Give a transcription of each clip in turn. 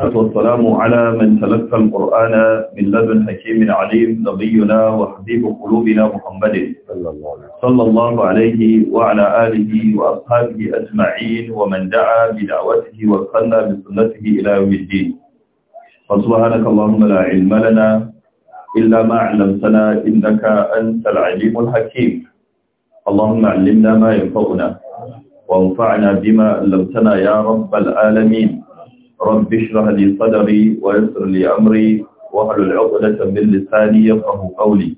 والسلام على من تلقى القرآن من لدن حكيم عليم نبينا وحبيب قلوبنا محمد صلى الله عليه وعلى آله وأصحابه أجمعين ومن دعا بدعوته واتقنا بسنته إلى يوم الدين فسبحانك اللهم لا علم لنا إلا ما علمتنا إنك أنت العليم الحكيم اللهم علمنا ما ينفعنا وانفعنا بما علمتنا يا رب العالمين رب اشرح لي صدري ويسر لي أمري واحلل عقدة من لساني يفقه قولي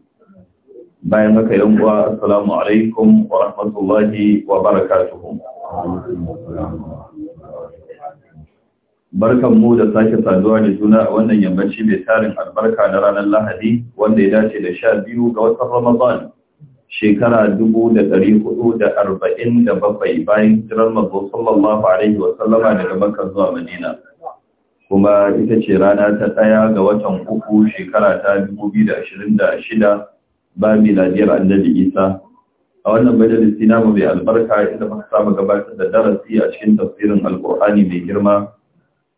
bayan haka yan uwa assalamu alaikum wa rahmatullahi wa barakatuhu barkan mu da sake saduwa da juna a wannan yammaci mai tarin albarka na ranar lahadi wanda ya dace da sha biyu ga watan ramadan shekara dubu da ɗari hudu da arba'in da bakwai bayan jiran mazo sallallahu alaihi wa sallama daga makka zuwa madina kuma ita ce rana ta ɗaya ga watan uku shekara ta 2026 ba miladiyar annabi isa a wannan na mu mai albarka inda muka samu gabatar da darasi a cikin tafsirin alkur'ani mai girma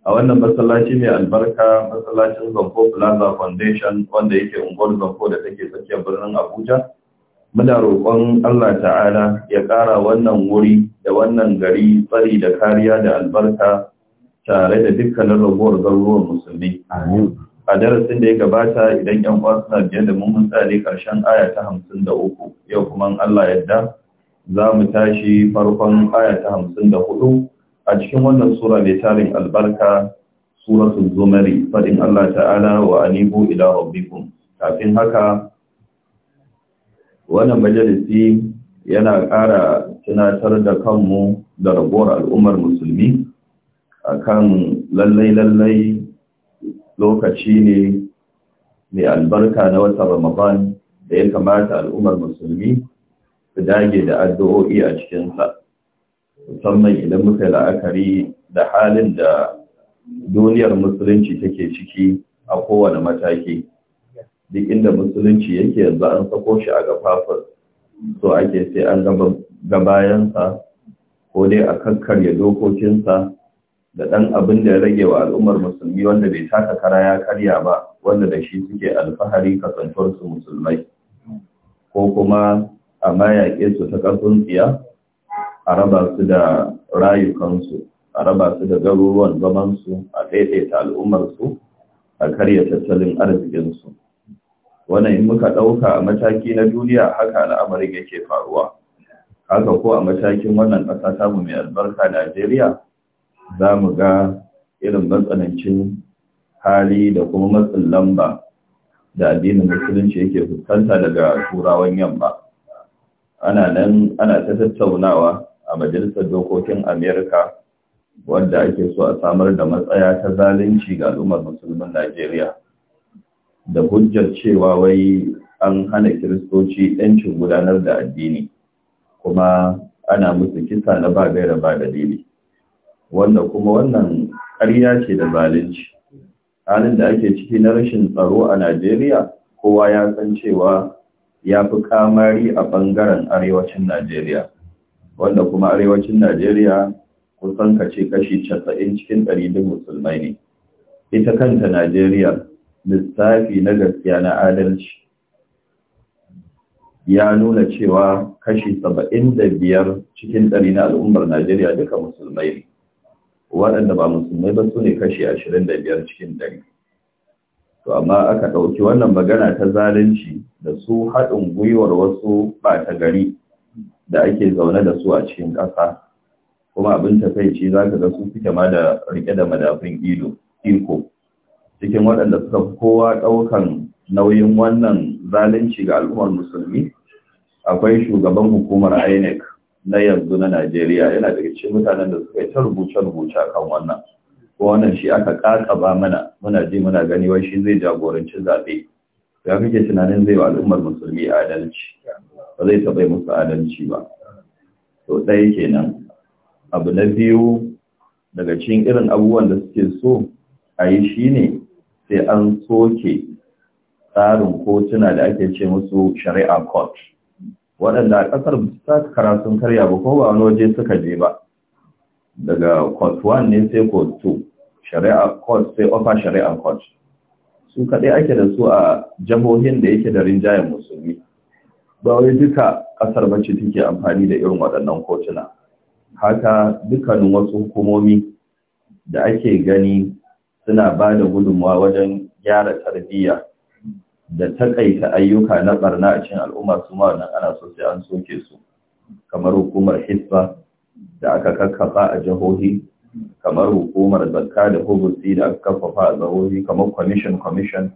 a wannan masallaci mai albarka masallacin zanko plaza foundation wanda yake unguwar zanko da take tsakiyar birnin abuja muna roƙon allah ta'ala ya ƙara wannan wuri da wannan gari tsari da kariya da albarka tare da dukkanin raguwar garuruwan musulmi a darasin da ya gabata idan yan uwa suna biyar da mun ne karshen aya ta hamsin da uku yau kuma Allah yadda za mu tashi farkon aya ta hamsin da hudu a cikin wannan sura mai tarin albarka suratul zumari faɗin Allah ta'ala wa anibu ila rabbikum kafin haka wannan majalisi yana ƙara tunatar da kanmu da raguwar al'ummar musulmi akan lallai-lallai lokaci ne mai albarka na wata Ramadan da ya kamata al'ummar musulmi su dage da addu'o'i a cikinsa, musamman idan muka yi la'akari da halin da duniyar musulunci take ciki a kowane mataki. Duk inda musulunci yake yanzu an sako shi a gafafar, so ake sai an bayansa ko dai a kakkarya dokokinsa da ɗan abin da ya rage wa al'ummar musulmi wanda bai taka kara ya karya ba wanda da shi suke alfahari su musulmai ko kuma a mayaƙe su ta ƙasun tsiya a raba su da rayukansu a raba su da garuruwan zamansu a ɗaiɗaita al'ummarsu a karya tattalin arzikinsu wannan in muka ɗauka a mataki na duniya haka al'amarin yake faruwa haka ko a matakin wannan ƙasa tamu mai albarka najeriya za mu ga irin matsanancin hali da kuma matsin lamba da addinin musulunci yake fuskanta daga turawan yamma ana nan ana ta tattaunawa a majalisar dokokin amerika wadda ake so a samar da matsaya ta zalunci ga al'ummar musulmin najeriya da hujjar cewa wai an hana kiristoci 'yancin gudanar da addini kuma ana musu kisa na ba gaira ba dalili wanda kuma wannan ƙarya ce da zalunci halin da ake ciki na rashin tsaro a Najeriya kowa ya san cewa ya fi kamari a bangaren arewacin Najeriya wanda kuma arewacin Najeriya kusan kace kashi 90 cikin 100 musulmai ne ita kanta Najeriya lissafi na gaskiya na adalci ya nuna cewa kashi 75 cikin 100 na al'ummar Najeriya duka musulmai ne waɗanda ba musulmai ba su ne kashi ashirin da biyar cikin ɗari to amma aka ɗauki wannan magana ta zalunci da su haɗin gwiwar wasu ta gari da ake zaune da su a cikin ƙasa kuma abin ta takaici za ka ga su fita ma da riƙe da madafin iko cikin waɗanda suka fi kowa ɗaukan nauyin wannan zalunci ga al'ummar musulmi akwai shugaban hukumar inec na yanzu na Najeriya yana daga cikin mutanen da suka yi ta rubuce-rubuce kan wannan ko wannan shi aka kakaba mana muna ji muna gani wai shi zai jagoranci zaɓe ya kake tunanin zai wa al'ummar musulmi adalci ba zai taɓa musu adalci ba to ɗaya kenan abu na biyu daga cikin irin abubuwan da suke so a yi shi ne sai an soke tsarin kotuna da ake ce musu shari'a court waɗanda a ƙasar ta karatun karya ba ko ba wani waje suka je ba daga court 1 ne sai court 2 shari'a court sai offer shari'a court su kaɗai ake da su a jahohin da yake da rinjayen musulmi ba wai duka ƙasar bacci take amfani da irin waɗannan kotuna haka dukkanin wasu hukumomi da ake gani suna ba da gudunmawa wajen gyara tarbiyya da takaita ayyuka na barna a cikin al'umma su ma wannan ana so sai an soke su kamar hukumar hisba da aka kakkafa a jihohi kamar hukumar zakka da hubusi da aka kakkafa a jihohi kamar commission commission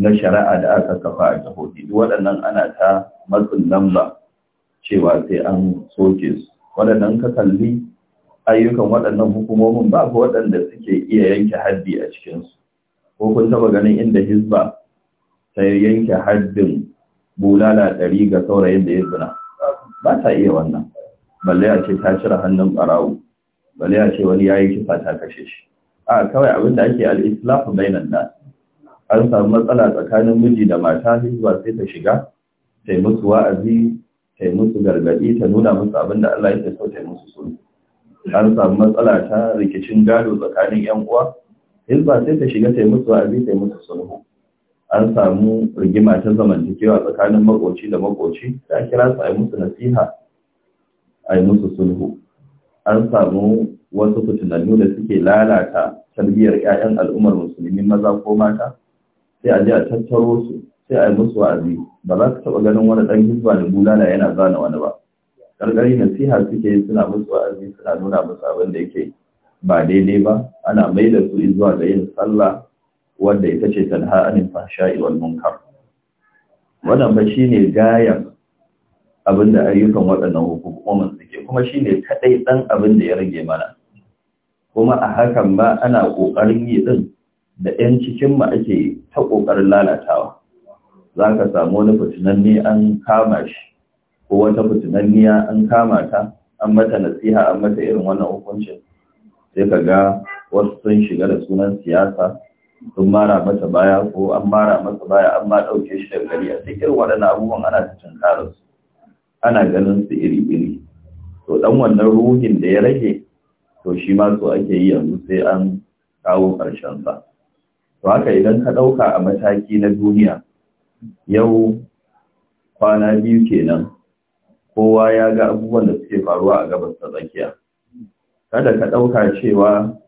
na shari'a da aka kafa a jihohi duk waɗannan ana ta matsin lamba cewa sai an soke su waɗannan ka kalli ayyukan waɗannan hukumomin ba waɗanda suke iya yanke haddi a cikinsu ko kun taɓa ganin inda hisba sai yanke haddin bulala ɗari ga saurayin da ya zina ba ta iya wannan balle a ce ta cire hannun ɓarawo balle a ce wani ya yi kisa ta kashe shi a kawai abin da ake al'islafu mai nan da. an samu matsala tsakanin miji da mata hizba sai ta shiga sai musu wa'azi sai yi musu gargaɗi ta nuna musu abin da Allah ya so ta musu sun an samu matsala ta rikicin gado tsakanin 'yan uwa hizba sai ta shiga sai musu wa'azi sai musu sulhu an samu rigima ta zamantakewa tsakanin makoci da makoci da kira su a yi musu nasiha a yi musu sulhu an samu wasu fitinannu da suke lalata tarbiyyar 'ya'yan al'ummar musulmi maza ko mata sai a je a tattaro su sai a yi musu wa'azi ba za su taɓa ganin wani ɗan hizba da bulala yana zana wani ba ƙarƙari nasiha suke yi suna musu wa'azi suna nuna musu abin da yake ba daidai ba ana mai da su zuwa ga yin sallah wanda ita ce tanha anil fahsha'i wal munkar wannan ba shine gayan abinda ayyukan waɗannan hukumomin suke kuma shine kadai dan abin da ya rage mana kuma a hakan ba ana kokarin yi din da yan cikin mu ake ta kokarin lalatawa zaka samu wani fitinanni an kama shi ko wata fitinanniya an kama ta an mata nasiha an mata irin wannan hukuncin sai ka ga wasu sun shiga da sunan siyasa sun mara masa baya ko an mara masa baya an ma ɗauke shi daga gari a cikin waɗannan abubuwan ana cikin su. ana ganin su iri-iri to dan wannan ruhin da ya rage to shi ma so ake yi yanzu sai an kawo ƙarshen sa to haka idan ka ɗauka a mataki na duniya yau kwana biyu kenan kowa ya ga abubuwan da suke faruwa a gabas ta tsakiya kada ka ɗauka cewa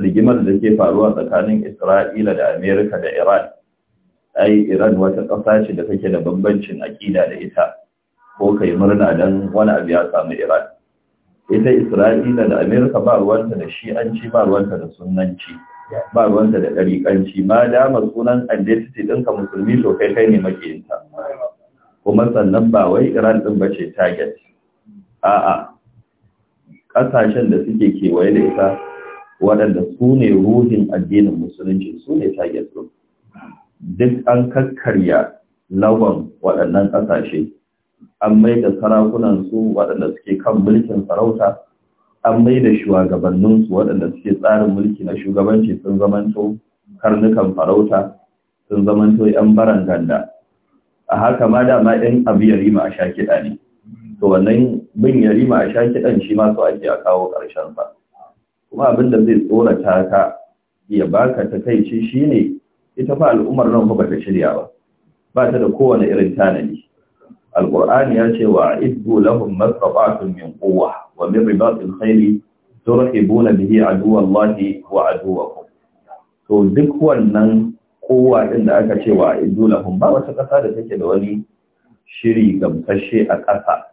rigimar da ke faruwa tsakanin Isra'ila da Amerika da Iran ai Iran wata ƙasa ce da take da bambancin aƙida da ita ko kai murna dan wani abu ya samu Iran ita Isra'ila da Amerika ba ruwanta da shi'anci ba ruwanta da sunnanci ba ruwanta da ɗariƙanci ma dama sunan identity ɗinka musulmi to kai kai ne makiyinta kuma sannan ba wai Iran ɗin ba ce target a'a ƙasashen da suke kewaye da ita waɗanda su ne ruhin addinin musulunci su ne target duk an kakkarya lawan waɗannan ƙasashe an mai da sarakunansu waɗanda suke kan mulkin farauta, an mai da shugabanninsu waɗanda suke tsarin mulki na shugabanci sun zamanto karnukan farauta sun zamanto 'yan baran ganda a haka ma dama 'yan abu yarima a sha kiɗa ne to wannan bin yarima a sha kiɗan shi ma so ake a kawo sa kuma abin da zai tsorata ka ya baka takaici shine ita fa al'ummar nan ba bata shirya ba ba ta da kowane irin tanadi alqur'ani ya ce wa iddu lahum masqatun min quwwa wa min ribatil khayli turhibuna bihi aduwallahi wa to duk wannan kowa din da aka ce wa iddu lahum ba wata kasa da take da wani shiri gamsashe a ƙasa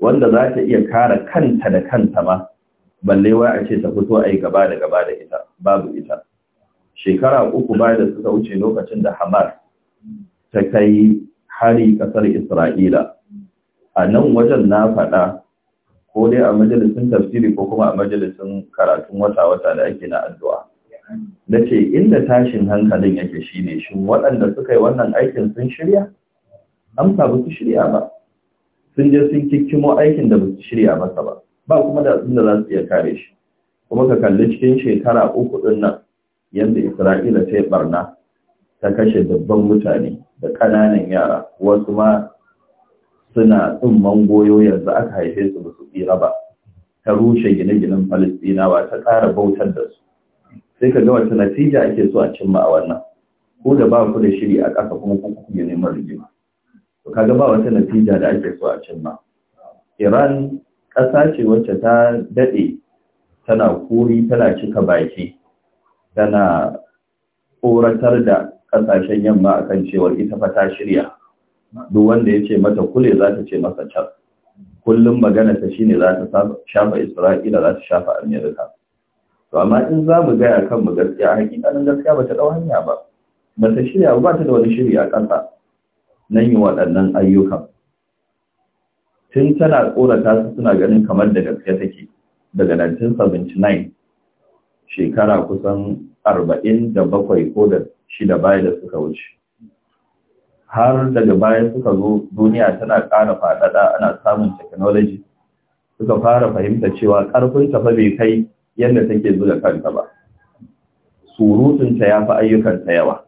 wanda za ta iya kare kanta da kanta ma balle wai a ce ta fito a yi gaba da gaba da ita babu ita shekara uku bayan da suka wuce lokacin da hamar ta kai hari kasar isra'ila a nan wajen na faɗa ko dai a majalisun tafsiri ko kuma a majalisun karatun wata-wata da ake na addu'a na ce inda tashin hankalin yake ne, shin waɗanda suka yi wannan aikin sun shirya amsa ba su shirya ba sun je sun kikkimo aikin da ba su shirya masa ba ba kuma da abin da za su iya kare shi kuma ka kalli cikin shekara uku ɗin nan yadda isra'ila ta yi barna ta kashe dabban mutane da ƙananan yara wasu ma suna tsumman goyo yanzu aka haife su ba su tsira ba ta rushe gine-ginen ba ta ƙara bautar da su sai ka ga wata natija ake so a cimma a wannan ko da ba ku da shiri a ƙasa kuma ku kuke neman rigima to ga ba wata natija da ake so a cimma Iran ƙasa ce wacce ta daɗe tana kuri tana cika baki tana ƙoratar da ƙasashen yamma akan cewar ita fa ta shirya duk wanda ya ce mata kule za ta ce masa can kullum magana ta shine za ta shafa isra'ila za ta shafa amerika to amma in za mu gaya kan mu gaskiya hakikanin gaskiya ba ta ɗau hanya ba ba ta shirya ba ta da wani shiri a ƙasa nan yi waɗannan ayyukan tun tana tsorata su suna ganin kamar da gaske take daga 1979 shekara kusan 47 ko da shida baya da suka wuce har daga baya suka zo duniya tana ƙara faɗaɗa ana samun technology suka fara fahimta cewa ƙarfin tafa bai kai yadda take zuga kanta ba surutunta ya fi ayyukanta yawa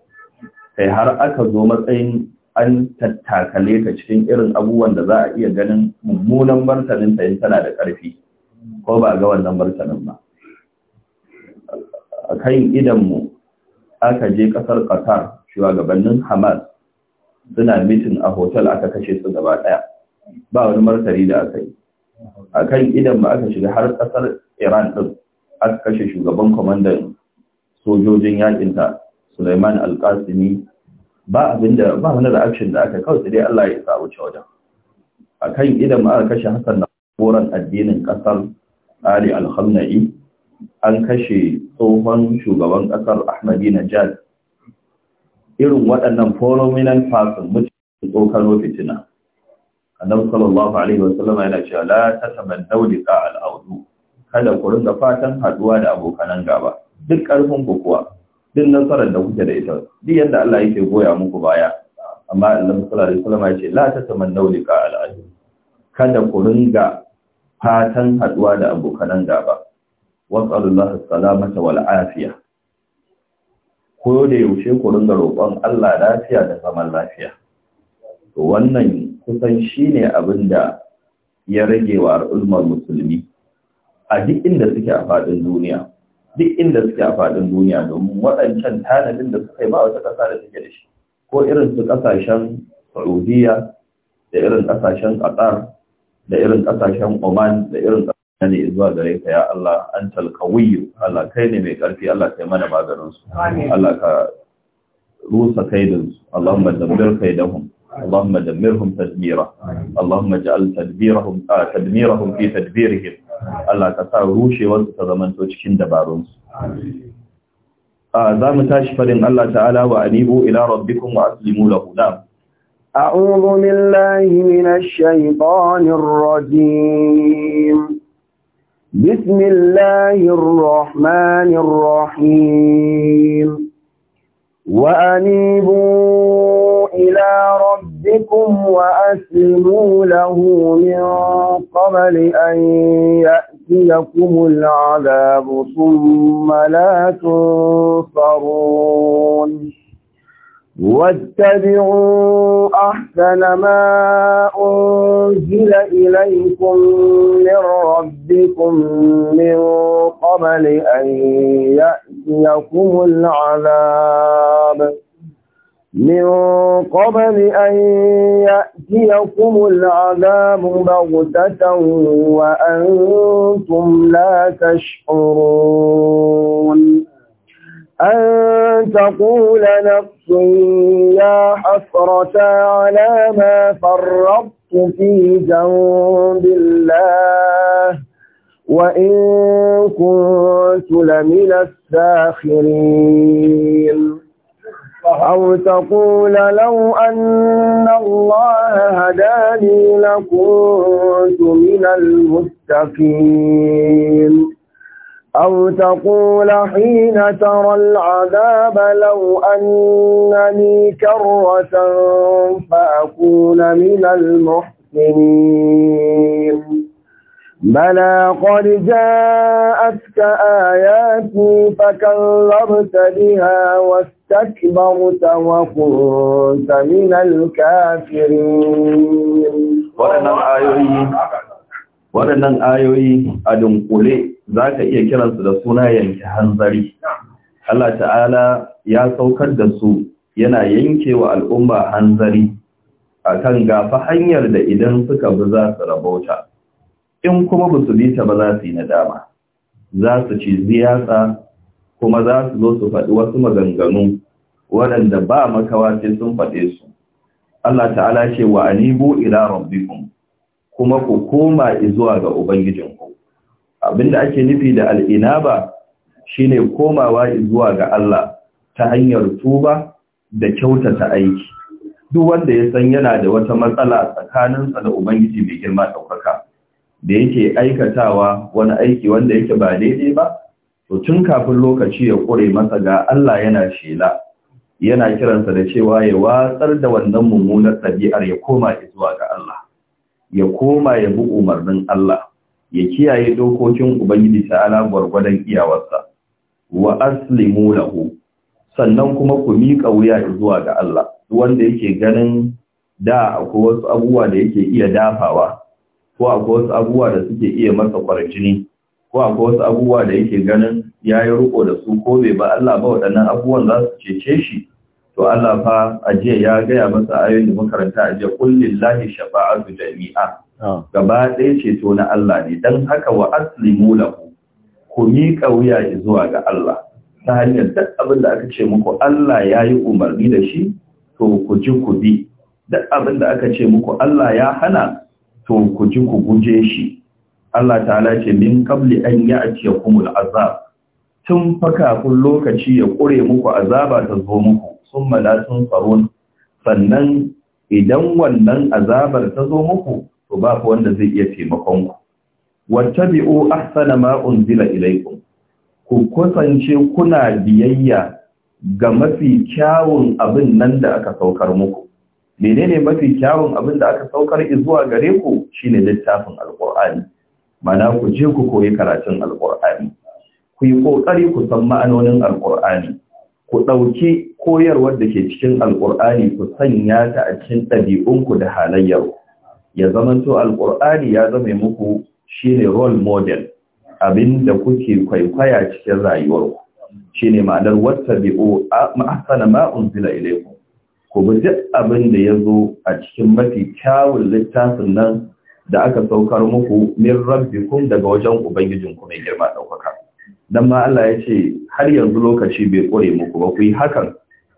kai har aka zo matsayin an tattakale ta cikin irin abubuwan da za a iya ganin mummunan martanin ta tana da ƙarfi ko ba ga wannan martanin ba a kan idanmu aka je ƙasar qatar shugabannin hamas suna mitin a hotel aka kashe su gaba ɗaya ba wani martani da aka yi a kan idanmu aka shiga har ƙasar iran ɗin aka kashe shugaban kwamandan sojojin yakinta Suleiman Alƙasimi ba abin da ba wani reaction da aka kawai sai Allah ya sa wuce wajen akan idan ma aka kashe Hassan na goran addinin kasar Ali Al-Khamnai an kashe tsohon shugaban kasar Najad irin waɗannan prominent person mutum tsokano fitina annabi sallallahu alaihi wasallam yana cewa la tatamannaw liqa al-awdu kada ku rinka fatan haduwa da abokanan gaba duk karfin ku kuwa duk nasarar da kuke da ita duk yadda Allah yake goya muku baya amma Allah sallallahu alaihi wasallam ya ce la tatamannu al'adu.' al kada ku ringa fatan haduwa da abokan gaba wasallallahu salamata wal afiya ko da yaushe ku ringa roƙon Allah lafiya da zaman lafiya to wannan kusan shine abin da ya rage wa al'ummar musulmi a duk inda suke a faɗin duniya duk inda suke a faɗin duniya domin waɗancan tanadin da suka yi ba wata ƙasa da take da shi ko irin su ƙasashen saudiya da irin ƙasashen qatar da irin ƙasashen oman da irin ƙasashen ne zuwa gare ka ya allah an talkawiyu allah kai ne mai ƙarfi allah kai mana su allah ka rusa kai da kaidinsu allahumma dabbir kaidahum اللهم دمرهم تدميرا اللهم اجعل تدبيرهم آه تدميرهم في تدبيرهم Allah ka sa rushewarsu ta zamanto cikin dabarunsu za mu tashi farin Allah ta'ala wa anibu ila rabbikum wa aslimu lahu na'am أعوذ بالله من الشيطان الرجيم بسم الله الرحمن الرحيم وأنيبوا إلى ربكم ربكم وأسلموا له من قبل أن يأتيكم العذاب ثم لا تنصرون واتبعوا أحسن ما أنزل إليكم من ربكم من قبل أن يأتيكم العذاب من قبل أن يأتيكم العذاب بغتة وأنتم لا تشعرون أن تقول نفس يا حسرة على ما فرطت في جنب الله وإن كنت لمن الساخرين أو تقول لو أن الله هداني لكنت من المتقين أو تقول حين ترى العذاب لو أنني كرة فأكون من المحسنين بلى قد جاءتك آياتي فكذبت بها واستقلت استكبرت وكنت من الكافرين waɗannan ayoyi waɗannan ayoyi a dunkule za ka iya kiransu da suna yanke hanzari Allah ta'ala ya saukar da su yana yanke wa al'umma hanzari a kan gafa hanyar da idan suka bi za su rabauta in kuma ba su bi ta ba za su yi nadama za su ci ziyasa kuma za su zo su faɗi wasu maganganu waɗanda ba makawa sai sun faɗe su Allah ta'ala ce wa anibu ila rabbikum kuma ku koma zuwa ga ubangijinku abinda ake nufi da al'ina al'inaba shine komawa izuwa ga Allah ta hanyar tuba da kyautata aiki duk wanda ya san yana da wata matsala tsakaninsa da ubangiji mai girma ɗaukaka da yake aikatawa wani aiki wanda yake ba daidai ba to tun kafin lokaci ya kure masa ga Allah yana shela yana kiransa da cewa ya watsar da wannan mummunar ɗabi'ar ya koma zuwa ga Allah ya koma ya bi umarnin Allah ya kiyaye dokokin Ubangiji ta'ala gwargwadon iyawarsa wa aslimu lahu sannan kuma ku miƙa wuya zuwa ga Allah wanda yake ganin da akwai wasu abubuwa da yake iya dafawa ko akwai wasu abubuwa da suke iya masa kwarjini ko akwai wasu abubuwa da yake ganin ya yi riko da su ko bai ba Allah ba waɗannan abubuwan za su cece shi to Allah fa ajiya ya gaya masa ayoyin da makaranta ajiya kullillahi shafa'atu jami'a ah. gaba ɗaya ceto na Allah ne dan haka wa aslimu lahu ku miƙa wuya zuwa ga Allah ta hanyar duk abin da aka ce muku Allah ya yi umarni da shi to ku ji ku bi duk abin da aka ce muku Allah ya hana to ku ji ku guje shi Allah ta'ala ce min qabli an kumul azab tun fa kafin lokaci ya kure muku azaba ta zo muku summa la tunfarun sannan idan wannan azabar ta zo muku to ba ku wanda zai iya taimakon ku wattabi'u ahsana ma unzila ilaykum ku kusance kuna biyayya ga mafi kyawun abin nan da aka saukar muku menene mafi kyawun abin da aka saukar zuwa gare ku shine littafin alqur'ani mana ku je ku koyi karatun alkur'ani ku yi ƙoƙari ku san ma'anonin alkur'ani ku ɗauki koyarwar da ke cikin alkur'ani ku sanya ta a cikin ɗabi'unku da halayyar ya zamanto alkur'ani ya zama muku shine role model abin da kuke kwaikwaya cikin rayuwarku shine ma'anar wata bi'o ma'asana ma'unzila ilaikum ku bi duk abin da ya zo a cikin mafi kyawun littafin nan da aka saukar muku min rabbikum daga wajen ubangijinku mai girma ɗaukaka dan ma Allah ya ce har yanzu lokaci bai kore muku ba ku yi hakan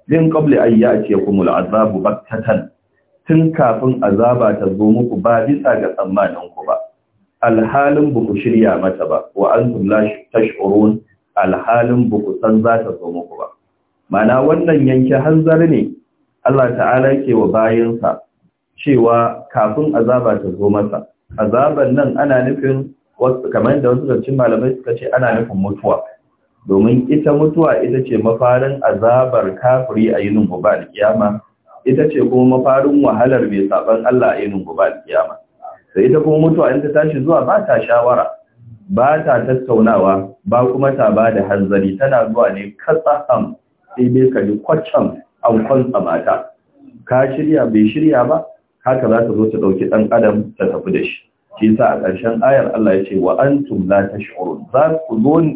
din qabli ay ya'tiyakum al'azabu baktatan tun kafin azaba ta zo muku ba bisa ga tsammanin ku ba alhalin buku shirya mata ba wa antum la tash'urun alhalin buku san za ta zo muku ba mana wannan yanke hanzar ne Allah ta'ala yake wa bayinsa cewa kafin azaba ta zo masa azaban nan ana nufin kamar da wasu zancin malamai suka ce ana nufin mutuwa domin ita mutuwa ita ce mafarin azabar kafiri a yinin da kiyama ita ce kuma mafarin wahalar mai saban Allah a yinin da kiyama sai ita kuma mutuwa in ta tashi zuwa ba ta shawara ba ta tattaunawa ba kuma ta ba da hanzari tana zuwa ne katsam sai bai kaji ji kwacan an kwantsa mata ka shirya bai shirya ba haka za ta zo ta ɗauki ɗan adam ta tafi da shi shi yasa a ƙarshen ayar Allah ya ce wa antum la tash'urun za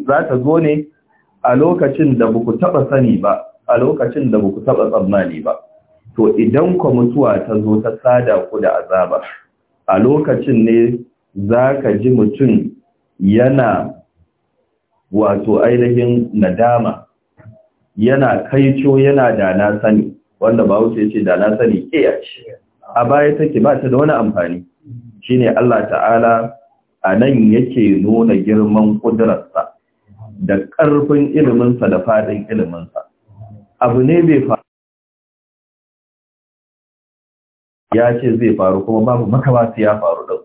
za ta zo ne a lokacin da buku taba sani ba a lokacin da buku taba tsammani ba to idan ku mutuwa ta zo ta sada ku da azaba a lokacin ne za ka ji mutum yana wato ainihin nadama yana kaico yana da na sani wanda ba wuce ce da na sani ke ya a baya take ba ta da wani amfani shine Allah ta'ala a nan yake nuna girman ƙudurarsa da ƙarfin sa da ilimin sa abu ne bai faru ya ce zai faru kuma babu makamasi ya faru da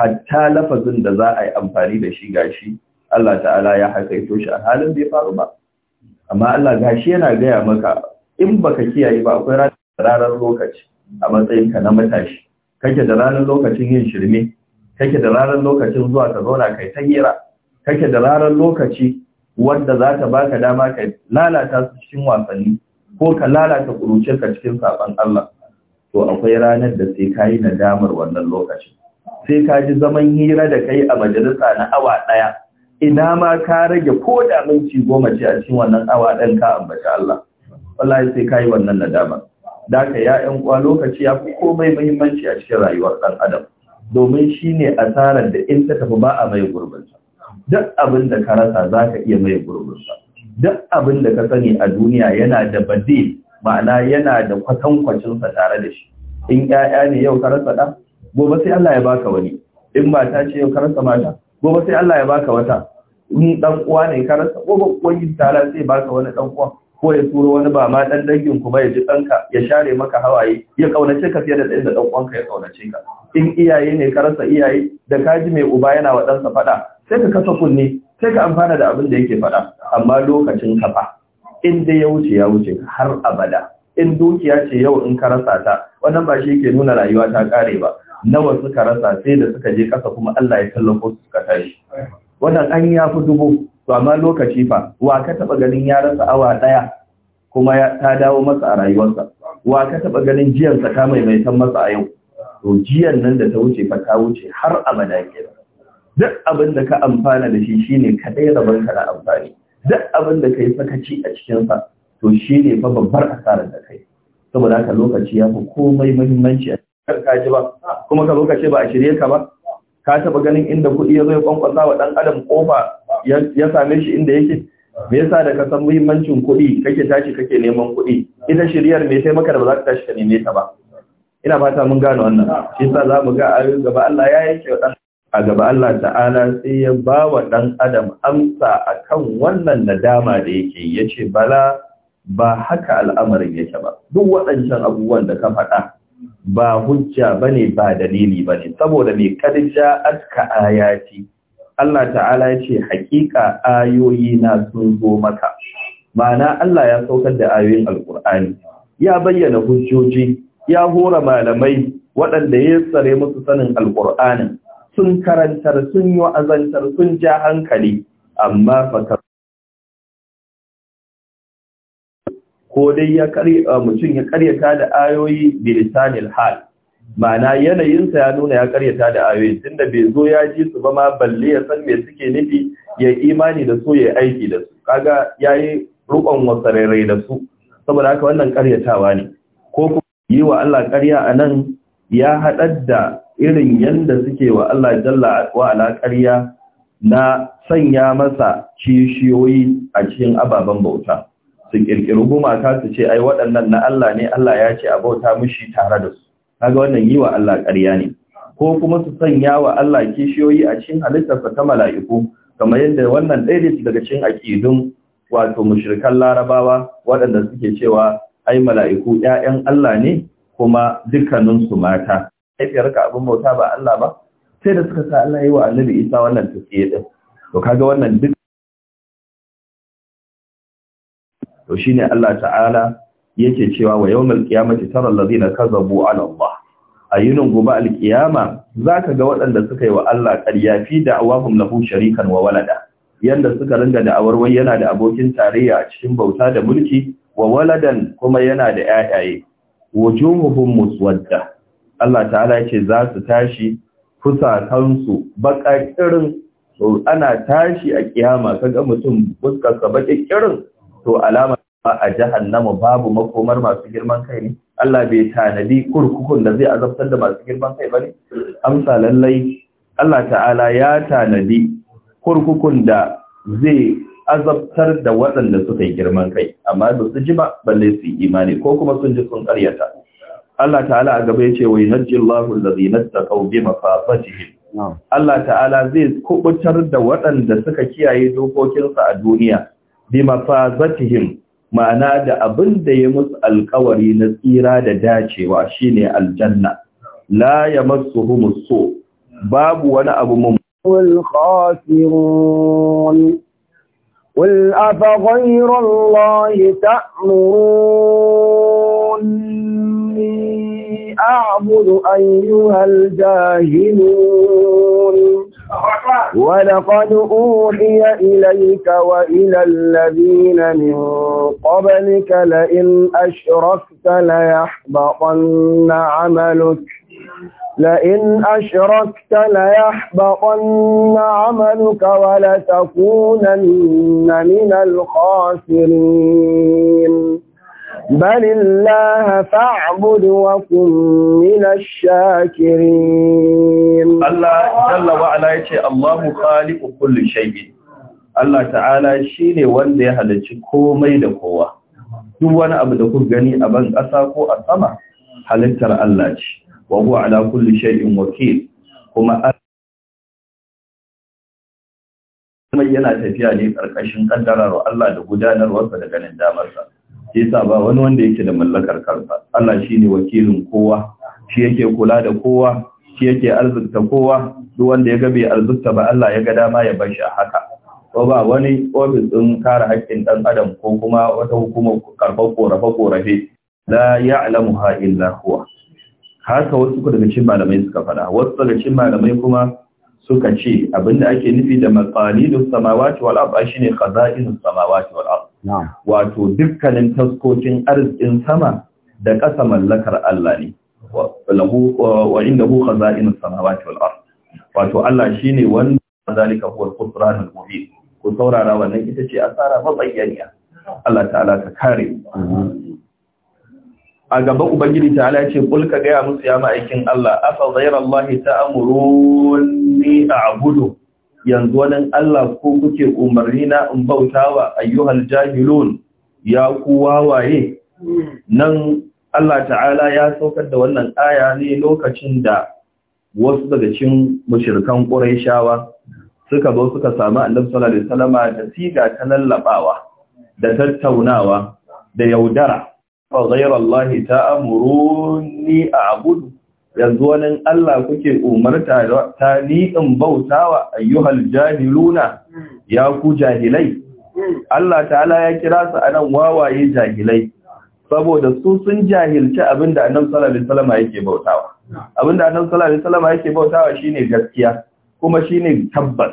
hatta lafazin da za a yi amfani da shi gashi Allah ta'ala ya haƙaito shi a halin bai faru ba amma Allah gashi yana gaya maka in baka kiyaye ba akwai ranar lokaci a matsayin ka na matashi kake da ranar lokacin yin shirme kake da ranar lokacin zuwa ka zauna kai ta hira kake da ranar lokaci wanda za ta baka dama ka lalata su cikin wasanni ko ka lalata ka cikin saban Allah to akwai ranar da sai ka yi nadamar wannan lokacin sai ka ji zaman hira da kai a majalisa na awa ɗaya ina ma ka rage ko da minti goma ce a cikin wannan awa ɗan ka ambaci Allah wallahi sai ka yi wannan nadamar da ka ya kwa lokaci ya fi komai muhimmanci a cikin rayuwar ɗan adam domin shi ne asarar da in ta tafi ba a mai gurbinsa duk abin da ka rasa za ka iya mai gurbinsa duk abin da ka sani a duniya yana da badil ma'ana yana da kwatankwacinsa tare da shi in ƴaƴa ne yau ka rasa ɗa gobe sai Allah ya baka wani in mata ce yau ka rasa mata gobe sai Allah ya baka wata in dan uwa ne ka rasa gobe wani tara sai baka wani dan uwa ko ya turo wani ba ma dan dangin ku ba ya ji danka ya share maka hawaye ya kaunace ka fiye da dan da dan ya kaunace ka in iyaye ne ka rasa iyaye da kaji mai uba yana wa ɗansa faɗa sai ka kasa kunne sai ka amfana da abin da yake faɗa amma lokacin ka fa in dai ya wuce ya wuce har abada in dukiya ce yau in ka rasa ta wannan ba shi yake nuna rayuwa ta kare ba nawa suka rasa sai da suka je kasa kuma Allah ya tallafo su suka tashi wannan an ya fi dubu to amma lokaci fa wa ka taba ganin ya rasa awa daya kuma ta dawo masa a rayuwarsa wa ka taba ganin jiyan sa ta maimaitan masa a yau to jiyan nan da ta wuce fa ta wuce har abada kenan duk abin da ka amfana da shi shine kadai rabon ka da amfani duk abin da kai sakaci a cikin sa to shine fa babbar asarar da kai saboda haka lokaci ya fi komai muhimmanci a ka ji ba kuma ka lokaci ba a shirye ka ba ka taba ganin inda kuɗi ya zo ya kwankwasa wa ɗan adam kofa ya same shi inda yake me yasa da ka san muhimmancin kuɗi kake tashi kake neman kuɗi ita shiryar me sai maka da ba za ka tashi ka neme ta ba ina fata mun gano wannan shi yasa za mu ga a gaba Allah ya kyau wa a gaba Allah ta'ala sai ya ba wa ɗan adam amsa akan wannan nadama da yake ya ce bala ba haka al'amarin yake ba duk waɗancan abubuwan da ka faɗa ba hujja bane ba dalili bane saboda me kadja atka ayati Allah ta'ala ya ce hakika ayoyi na sun zo maka ma'ana Allah ya saukar da ayoyin alkur'ani ya bayyana hujjoji ya hora malamai waɗanda ya tsare musu sanin alkur'ani sun karantar sun yi azantar sun ja hankali amma faka ko dai ya mutum ya karyata da ayoyi bilisanil hal ma'ana yanayinsa ya nuna ya karyata da ayoyi tunda bai zo ya ji su ba ma balle ya san me suke nufi ya imani da su ya aiki da su kaga yayi rukon wasarairai da su saboda haka wannan karyatawa ne ko kuma yi wa Allah karya a nan ya haɗar da irin yadda suke wa Allah jalla wa ala karya na sanya masa kishiyoyi a cikin ababen bauta su kirkiri gumaka su ce ai waɗannan na Allah ne Allah ya ce a bauta mushi tare da su kaga wannan yi wa Allah ƙarya ne ko kuma su sanya wa Allah kishiyoyi a cikin halittarsa ta mala'iku kamar yadda wannan ɗaya ne daga cikin aƙidun wato mushrikan larabawa waɗanda suke cewa ai mala'iku ‘ya'yan Allah ne kuma dukkaninsu mata haifiyarka abin bauta ba Allah ba sai da suka sa Allah yi wa annabi isa wannan tafiye ɗin to kaga wannan duk to shine Allah ta'ala yake cewa wa yawmal qiyamati tara allazina kazabu ala Allah ayunun gobe alqiyama zaka ga waɗanda suka yi wa Allah ƙarya fi da da'awahum lahu sharikan wa walada yanda suka ringa da'awar wai yana da abokin tarayya a cikin bauta da mulki wa waladan kuma yana da ƴaƴaye wujuhuhum muswadda Allah ta'ala yake za su tashi fusatansu baƙaƙirin to ana tashi a kiyama kaga mutum fuskar sa baƙaƙirin to alama a jahannama babu makomar masu girman kai ne Allah bai tanadi kurkukun da zai azabtar da masu girman kai bane amsa lallai Allah ta'ala ya tanadi kurkukun da zai azabtar da waɗanda suka yi girman kai amma ba su ji ba balle su imani ko kuma sun ji sun ƙaryata Allah ta'ala a gaba yace wa yunajjillahu allazina taqaw bi mafafatihim Allah ta'ala zai kubutar da waɗanda suka kiyaye dokokinsa a duniya bi mafafatihim ma'ana da abin da ya musu alkawari na tsira da dacewa shine aljanna la yamassuhum so babu wani abu mun khasirun قل أفغير الله تأمروني أعبد أيها الجاهلون ولقد أوحي إليك وإلى الذين من قبلك لئن أشركت ليحبطن عملك لئن أشركت ليحبطن عملك ولتكونن من الخاسرين بل الله فاعبد وكن من الشاكرين الله جل وعلا يتي الله خالق كل شيء Allah ta'ala shi ne wanda ya halarci komai da kowa, duk wani abu da ku gani a ban ƙasa ko a sama halittar Allah ce, wa huwa ala kulli shay'in wakil kuma Allah yana tafiya ne ƙarƙashin ƙaddararwa Allah da gudanarwarsa da ganin damarsa. shi yasa ba wani wanda yake da mallakar kansa Allah shine wakilin kowa shi yake kula da kowa shi yake arzikta kowa duk wanda ya ga bai arzikta, ba Allah ya ga dama ya bar shi haka ko ba wani ofis din kare haƙƙin dan adam ko kuma wata hukumar karɓar korafe korafe la ya'lamuha illa huwa haka wasu daga cikin malamai suka faɗa wasu daga cikin malamai kuma suka ce abinda ake nufi da maqalidus samawati wal ard shine khaza'inus samawati wal ard wato dukkanin taskokin arzikin sama da ƙasa mallakar Allah ne wa inda hu khaza'inus samawati wal ard wato Allah shine wanda zalika huwa al-qudran al-mubin ku saurara wannan ita ce asara mabayyaniya Allah ta'ala ta kare a gaba ubangiji ta ala ce kulka gaya musu ya ma'aikin Allah afa ghayra Allah ta'amuruni a'budu yanzu wani Allah ko kuke umarni na in bauta wa ayyuhal jahilun ya ku waye? nan Allah ta'ala ya saukar da wannan aya ne lokacin da wasu daga cikin ƙurai shawa suka zo suka samu Annabi sallallahu alaihi da siga ta lallabawa da tattaunawa da yaudara fa ghayra Allah a a'budu yanzu wani Allah kuke umarta ta liƙin bautawa ayyuhal jahiluna ya ku jahilai Allah ta'ala ya kira su anan wawaye jahilai saboda su sun jahilci abinda annabi sallallahu alaihi wasallam yake bautawa abinda annabi sallallahu alaihi wasallam yake bautawa shine gaskiya kuma shine tabbas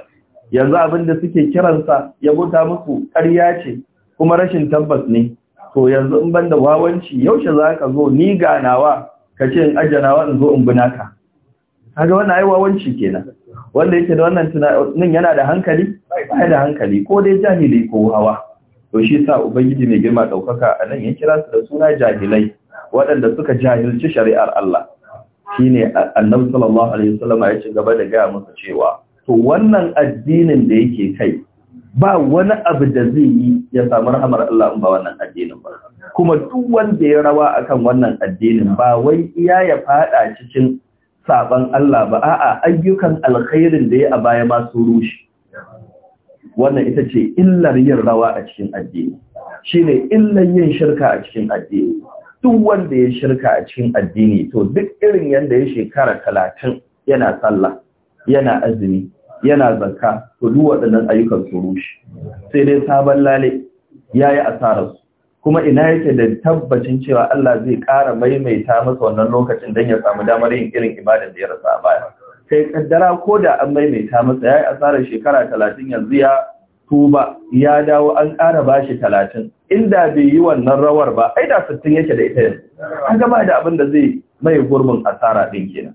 yanzu abinda suke kiransa ya bauta musu ƙarya ce kuma rashin tabbas ne to yanzu in banda wawanci yaushe zaka zo ni ganawa ka ce in ajana wa in zo in bina ka kaga wannan ai wawanci kenan wanda yake da wannan tunanin yana da hankali bai da hankali ko dai jahili ko hawa to shi sa ubangiji mai girma daukaka a nan ya kira su da suna jahilai waɗanda suka jahilci shari'ar Allah shine annabi sallallahu alaihi wasallam ya ci gaba da gaya musu cewa to wannan addinin da yake kai ba wani abu da zai yi ya samu rahmar Allah in ba wannan addinin ba kuma duk wanda ya rawa akan wannan addinin ba wai iya ya fada cikin saban Allah ba a'a ayyukan alkhairin da ya a baya ma su rushe wannan ita ce illar yin rawa a cikin addini shine illar yin shirka a cikin addini duk wanda ya shirka a cikin addini to duk irin yadda ya shekara talatin yana sallah yana azumi yana zakka to duk waɗannan ayyukan su sai dai sabon lale ya yi asararsu. kuma ina yake da tabbacin cewa Allah zai ƙara maimaita masa wannan lokacin don ya samu damar yin irin ibadar da ya rasa a baya kai kaddara ko da an maimaita masa Ya yi asarar shekara talatin yanzu ya tuba ya dawo an ƙara bashi talatin inda bai yi wannan rawar ba ai da sittin yake da ita yanzu an gama da abin da zai mai gurbin asara din kenan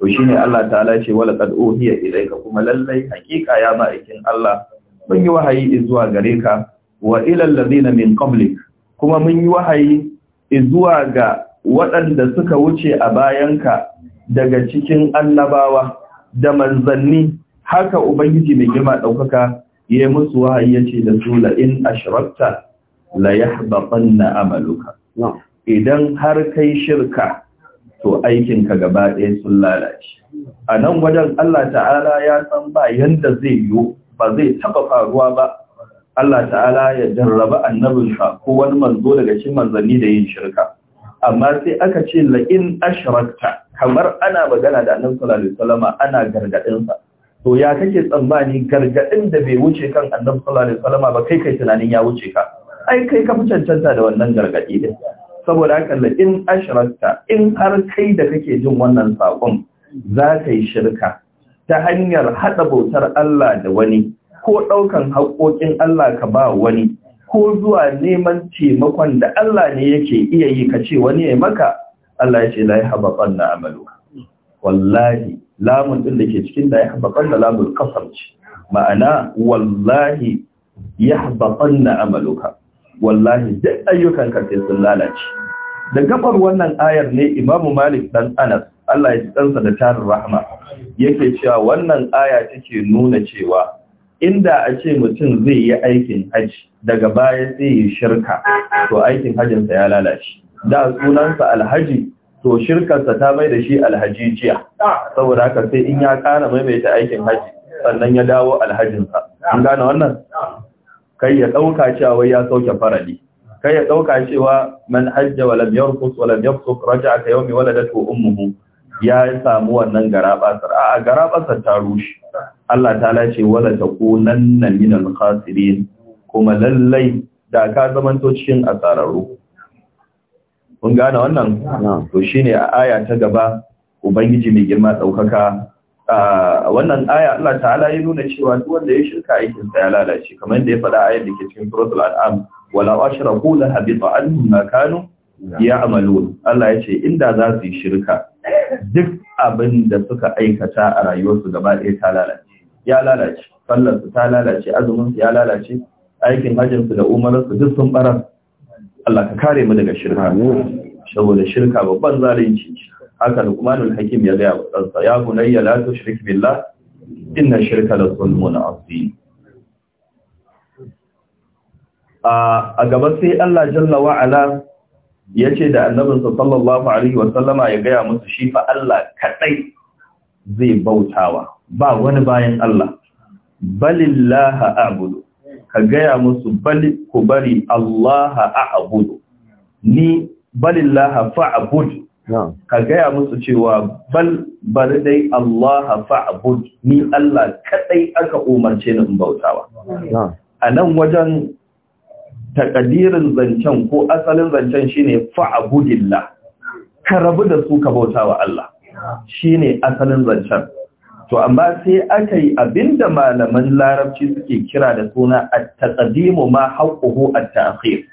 to shi ne Allah ta'ala ce wala ya uhiya ka kuma lallai hakika ya ma'aikin Allah mun yi wahayi zuwa gare ka wa ilal ladina min qablik kuma mun yi wahayi zuwa ga waɗanda suka wuce a bayanka daga cikin annabawa da manzanni haka ubangiji mai girma ɗaukaka ya musu wahayi ya ce da su la in ashrakta la amaluka idan har kai shirka to aikinka gaba ɗaya sun lalace a nan wajen Allah ta'ala ya san ba yanda zai yiwu ba zai taɓa faruwa ba Allah ta'ala ya jarraba annabinsa ko wani manzo daga cikin manzanni da yin shirka amma sai aka ce la in ashrakta kamar ana magana da annabi sallallahu alaihi wasallam ana gargadin sa to ya kake tsammani gargadin da bai wuce kan annabi sallallahu alaihi wasallam ba kai kai tunanin ya wuce ka ai kai ka fi cancanta da wannan gargadi din saboda haka la in ashrakta in har kai da kake jin wannan sakon za ka yi shirka ta hanyar hada bautar Allah da wani ko ɗaukan haƙoƙin Allah ka ba wani ko zuwa neman taimakon da Allah ne yake iya yi ka ce wani ya maka Allah ya ce la yahbaqan na amalu wallahi lamun ɗin da ke cikin da ya yahbaqan da lamun kasar ce ma'ana wallahi ya yahbaqan na ka. wallahi duk ayyukan ka sai sun lalace da gabar wannan ayar ne Imam Malik dan Anas Allah ya ci ɗansa da tarin rahama, yake cewa wannan aya take nuna cewa inda a ce mutum zai yi aikin hajji daga baya zai yi shirka to aikin hajinsa ya lalace da sunansa alhaji to shirkarsa ta mai da shi jiya. saboda haka sai in ya kara maimaita aikin hajji sannan ya dawo alhajinsa an gane wannan kai ya dauka cewa ya sauke farali kai ya dauka cewa man hajja wa lam yarkus wa lam yafsuk raja'a ka yawmi waladatu ummuhu ya samu wannan garabasar a'a garabasar ta rushe Allah ta'ala ce wala nan minan khasirin kuma lallai da ka zamanto cikin asararru kun gane wannan to shine a aya ta gaba ubangiji mai girma daukaka wannan aya Allah ta'ala ya nuna cewa duk wanda ya shirka aikin sa ya lalace kamar da ya faɗa ayar da ke cikin suratul al'am wala da la habita anhum ma kanu ya'malun Allah ya ce inda za su yi shirka duk abin da suka aikata a rayuwarsu gaba ɗaya ta lalace ya lalace sallar su ta lalace azumin su ya lalace aikin hajjin su da umarar su duk sun barar Allah ka kare mu daga shirka saboda shirka babban zalunci haka Luqmanul Hakim ya ga ɗansa ya bunayya la tushrik billah inna shirka la zulmun azim a gaba sai Allah jalla wa ala yace da annabinsa sallallahu alaihi wa sallama ya gaya musu shi fa Allah kadai zai bautawa ba wani bayan Allah balillaha a'budu ka gaya musu bali ku bari Allah a'budu ni balillaha fa'budu ka gaya musu cewa bal bari dai Allah fa'bud ni Allah kadai aka umarce ni in bautawa a nan wajen takadirin zancen ko asalin zancen shine fa'budillah ka rabu da su ka bautawa Allah shine asalin zancen to amma sai aka yi abinda malaman larabci suke kira da suna "A taqdimu ma haƙuhu a takhir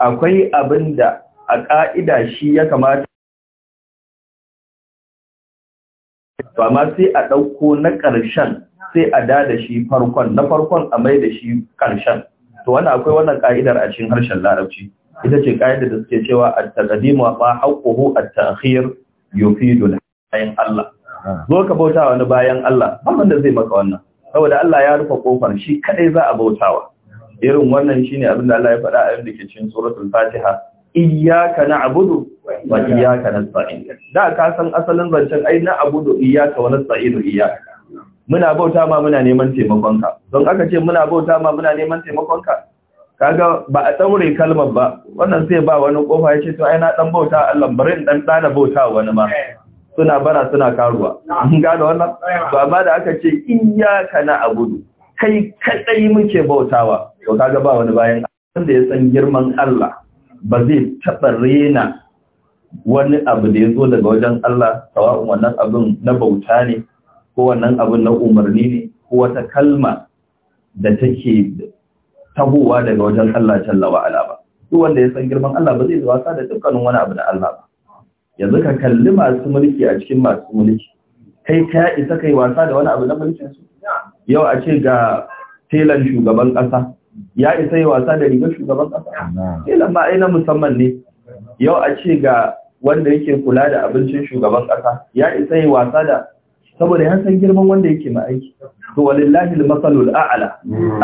akwai abinda a ka'ida shi ya kamata to amma sai a ɗauko na ƙarshen sai a da da shi farkon na farkon a mai da shi ƙarshen to wani akwai wannan ka'idar a cikin harshen larabci ita ce ka'idar da suke cewa "A taqdimu ma haqquhu at-ta'khir yufidu ayin Allah zo ka bauta wani bayan Allah ba wanda zai maka wannan saboda Allah ya rufe kofar shi kadai za a bautawa irin wannan shine abin da Allah ya faɗa a yadda ke cikin suratul Fatiha iyyaka na'budu wa iyyaka nasta'in da ka san asalin zancen ai na'budu iyyaka wa nasta'inu iyyaka muna bauta ma muna neman taimakonka don aka ce muna bauta ma muna neman taimakonka kaga ba a daure kalmar ba wannan sai ba wani kofa ya ce to ai na dan bauta Allah bari dan dana bauta wani ma suna bara suna karuwa in gano wannan to amma da aka ce iyyaka na abudu kai kadai muke bautawa to kaga ba wani bayan wanda ya san girman Allah ba zai taɓa rena wani abu da ya zo daga wajen Allah sawa'un wannan abin na bauta ne ko wannan abin na umarni ne ko wata kalma da take tahowa daga wajen Allah jalla wa ala ba duk wanda ya san girman Allah ba zai wasa da dukkanin wani abu da Allah ba yanzu ka kalli masu mulki a cikin masu mulki kai ka isa kai wasa da wani abu na mulkin su yau a ce ga telan shugaban kasa ya isa yi wasa da rigar shugaban kasa telan ma ai na musamman ne yau a ce ga wanda yake kula da abincin shugaban kasa ya isa yi wasa da saboda ya san girman wanda yake ma aiki to walillahi al-masalul a'la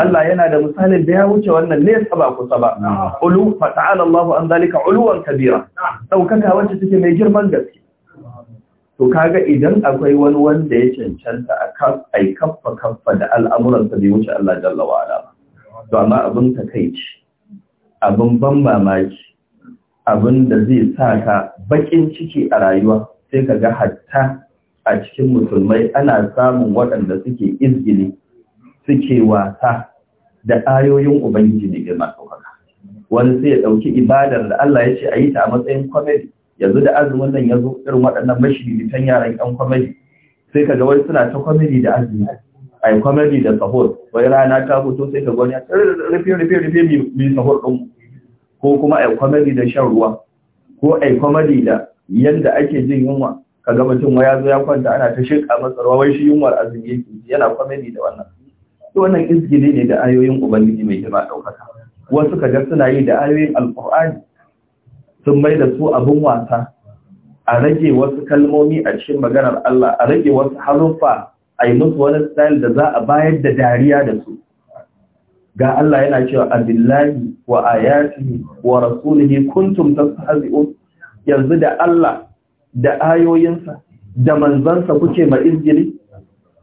Allah yana da misalin da ya wuce wannan ne saba ku saba ulu fa ta'ala Allah an zalika uluwan kabira daukaka wacce take mai girman gaske to kaga idan akwai wani wanda ya cancanta akan ai kaffa kaffa da al'amuran sa bai wuce Allah jalla wa ala to amma abin takeici abin ban mamaki abin da zai sa ka bakin ciki a rayuwa sai kaga hatta a cikin musulmai ana samun waɗanda suke izgini suke wasa da ayoyin ubangiji ne girma ɗaukaka wani sai ya ɗauki ibadar da Allah ya ce a yi ta a matsayin kwamedi yanzu da azumin nan ya zo irin waɗannan mashiritan yaran 'yan kwamedi sai ka ga wani suna ta kwamedi da azumi a yi kwamedi da sahur wai rana ta fito sai ka gwani rufe rufe rufe mai sahur ɗin ko kuma a yi kwamedi da shan ruwa ko a yi kwamedi da yadda ake jin yunwa kaga mutum ya zo ya kwanta ana ta shirka masa ruwa wai shi yunwar azumi yake yana komedi da wannan to wannan ne da ayoyin ubangiji mai girma daukaka wasu kaga suna yi da ayoyin alqur'ani sun mai da su abin wasa a rage wasu kalmomi a cikin maganar Allah a rage wasu haruffa a yi musu wani style da za a bayar da dariya da su ga Allah yana cewa abillahi wa ayatihi wa rasulihi kuntum tastahzi'un yanzu da Allah da ayoyinsa da manzansa kuke ma izgiri